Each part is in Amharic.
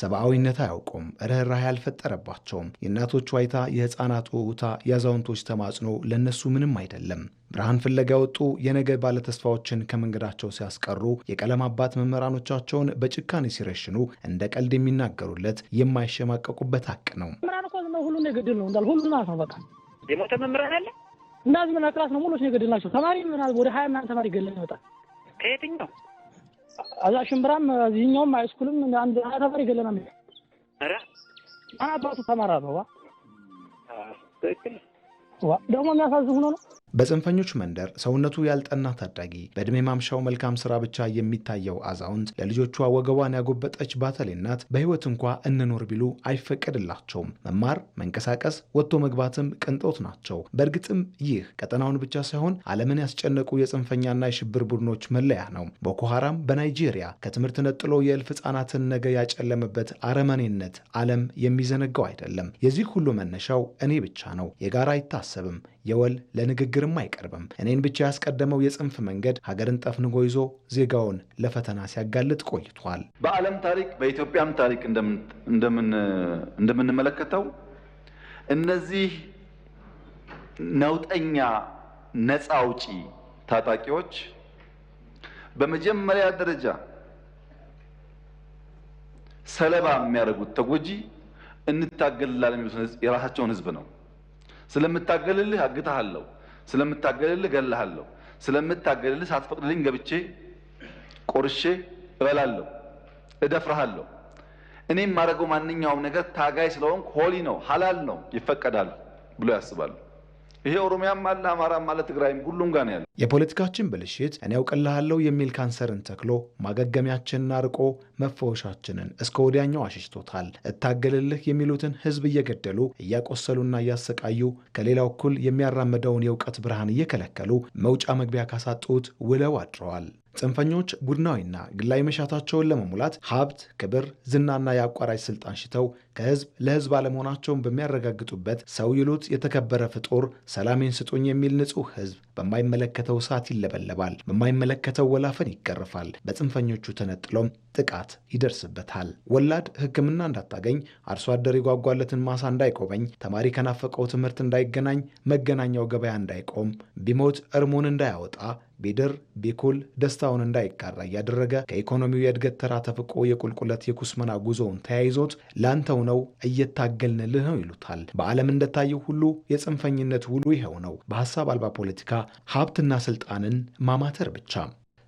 ሰብአዊነት አያውቁም፣ ርኅራህ አልፈጠረባቸውም። የእናቶች ዋይታ፣ የሕፃናት ውታ፣ የአዛውንቶች ተማጽኖ ለእነሱ ምንም አይደለም። ብርሃን ፍለጋ የወጡ የነገ ባለተስፋዎችን ከመንገዳቸው ሲያስቀሩ የቀለም አባት መምህራኖቻቸውን በጭካኔ ሲረሽኑ እንደ ቀልድ የሚናገሩለት የማይሸማቀቁበት ሀቅ ነው። መምህራን እኮ ነው ብለው ሁሉን ነው የገደልነው እንዳል ሁሉን ማለት ነው። በቃ የሞተ መምህራን አለ እንዳዝ ምና ክላስ ነው ሙሎች ነው የገደልናቸው። ተማሪ ምናል ወደ ሀያ ምናምን ተማሪ ገለን ይወጣል ከየትኛው አዛ ሽምብራም እዚህኛውም ሃይስኩልም አንድ ተማሪ ገለናል። ኧረ አባቱ ተማራ ነው ዋ ትክክል ዋ ደግሞ የሚያሳዝን ሆኖ ነው በጽንፈኞች መንደር ሰውነቱ ያልጠና ታዳጊ በዕድሜ ማምሻው መልካም ስራ ብቻ የሚታየው አዛውንት ለልጆቿ ወገቧን ያጎበጠች ባተሌናት በህይወት በሕይወት እንኳ እንኖር ቢሉ አይፈቀድላቸውም። መማር፣ መንቀሳቀስ፣ ወጥቶ መግባትም ቅንጦት ናቸው። በእርግጥም ይህ ቀጠናውን ብቻ ሳይሆን ዓለምን ያስጨነቁ የጽንፈኛና የሽብር ቡድኖች መለያ ነው። ቦኮ ሐራም በናይጄሪያ ከትምህርት ነጥሎ የእልፍ ሕፃናትን ነገ ያጨለመበት አረመኔነት ዓለም የሚዘነጋው አይደለም። የዚህ ሁሉ መነሻው እኔ ብቻ ነው፣ የጋራ አይታሰብም የወል ለንግግርም አይቀርብም። እኔን ብቻ ያስቀደመው የጽንፍ መንገድ ሀገርን ጠፍንጎ ይዞ ዜጋውን ለፈተና ሲያጋልጥ ቆይቷል። በዓለም ታሪክ በኢትዮጵያም ታሪክ እንደምንመለከተው እነዚህ ነውጠኛ ነፃ አውጪ ታጣቂዎች በመጀመሪያ ደረጃ ሰለባ የሚያደርጉት ተጎጂ እንታገልላለን የሚሉት የራሳቸውን ሕዝብ ነው። ስለምታገልልህ አግታሃለሁ፣ ስለምታገልልህ ገልሃለሁ፣ ስለምታገልልህ ሳትፈቅድልኝ ገብቼ ቆርሼ እበላለሁ፣ እደፍርሃለሁ። እኔም ማድረገው ማንኛውም ነገር ታጋይ ስለሆንኩ ሆሊ ነው፣ ሀላል ነው፣ ይፈቀዳል ብሎ ያስባሉ። ይሄ ኦሮሚያም አለ አማራም አለ ትግራይም ሁሉም ጋር ያለ የፖለቲካችን ብልሽት እኔ ያውቅልሃለሁ የሚል ካንሰርን ተክሎ ማገገሚያችንን አርቆ መፈወሻችንን እስከ ወዲያኛው አሸሽቶታል። እታገልልህ የሚሉትን ህዝብ እየገደሉ እያቆሰሉና እያሰቃዩ ከሌላው እኩል የሚያራምደውን የእውቀት ብርሃን እየከለከሉ መውጫ መግቢያ ካሳጡት ውለው አድረዋል። ጽንፈኞች ቡድናዊና ግላዊ መሻታቸውን ለመሙላት ሀብት፣ ክብር፣ ዝናና የአቋራጭ ስልጣን ሽተው ከህዝብ ለህዝብ አለመሆናቸውን በሚያረጋግጡበት ሰው ይሉት የተከበረ ፍጡር ሰላሜን ስጡኝ የሚል ንጹህ ህዝብ በማይመለከተው ሰዓት ይለበለባል፣ በማይመለከተው ወላፈን ይገረፋል፣ በጽንፈኞቹ ተነጥሎም ጥቃት ይደርስበታል። ወላድ ሕክምና እንዳታገኝ፣ አርሶ አደር የጓጓለትን ማሳ እንዳይቆመኝ ተማሪ ከናፈቀው ትምህርት እንዳይገናኝ፣ መገናኛው ገበያ እንዳይቆም፣ ቢሞት እርሙን እንዳያወጣ ቢድር ቢኩል ደስታውን እንዳይጋራ እያደረገ ከኢኮኖሚው የእድገት ተራ ተፍቆ የቁልቁለት የኩስመና ጉዞውን ተያይዞት ላንተው ነው እየታገልንልህ ነው ይሉታል። በዓለም እንደታየው ሁሉ የጽንፈኝነት ውሉ ይኸው ነው። በሀሳብ አልባ ፖለቲካ ሀብትና ስልጣንን ማማተር ብቻ።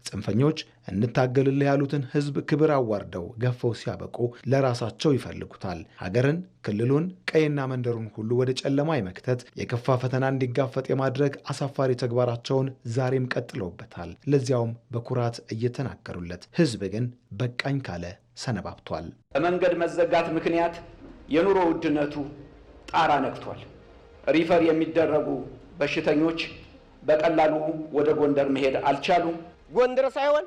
ጽንፈኞች እንታገልልህ ያሉትን ህዝብ ክብር አዋርደው ገፈው ሲያበቁ ለራሳቸው ይፈልጉታል። ሀገርን፣ ክልሉን፣ ቀይና መንደሩን ሁሉ ወደ ጨለማ የመክተት የከፋ ፈተና እንዲጋፈጥ የማድረግ አሳፋሪ ተግባራቸውን ዛሬም ቀጥለውበታል። ለዚያውም በኩራት እየተናገሩለት፣ ህዝብ ግን በቃኝ ካለ ሰነባብቷል። በመንገድ መዘጋት ምክንያት የኑሮ ውድነቱ ጣራ ነክቷል። ሪፈር የሚደረጉ በሽተኞች በቀላሉ ወደ ጎንደር መሄድ አልቻሉም። ጎንደር ሳይሆን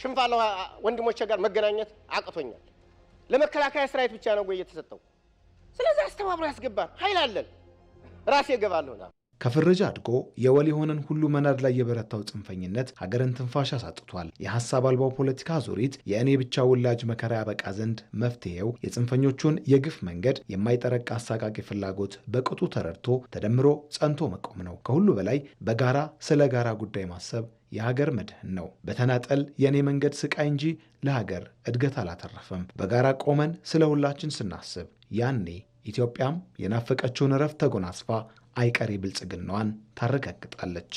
ሽንፋለ ወንድሞቼ ጋር መገናኘት አቅቶኛል። ለመከላከያ ሰራዊት ብቻ ነው የተሰጠው ስለዚህ አስተባብሮ ያስገባል። ኃይል አለን። ራሴ እገባለሁ። ከፍረጃ አድጎ የወል የሆነን ሁሉ መናድ ላይ የበረታው ጽንፈኝነት ሀገርን ትንፋሽ አሳጥቷል። የሀሳብ አልባው ፖለቲካ አዙሪት የእኔ ብቻ ውላጅ መከራ ያበቃ ዘንድ መፍትሄው የጽንፈኞቹን የግፍ መንገድ፣ የማይጠረቅ አሳቃቂ ፍላጎት በቅጡ ተረድቶ ተደምሮ ጸንቶ መቆም ነው። ከሁሉ በላይ በጋራ ስለ ጋራ ጉዳይ ማሰብ የሀገር መድህን ነው። በተናጠል የእኔ መንገድ ስቃይ እንጂ ለሀገር እድገት አላተረፈም። በጋራ ቆመን ስለ ሁላችን ስናስብ ያኔ ኢትዮጵያም የናፈቀችውን እረፍት ተጎናስፋ አይቀሬ ብልጽግናዋን ታረጋግጣለች።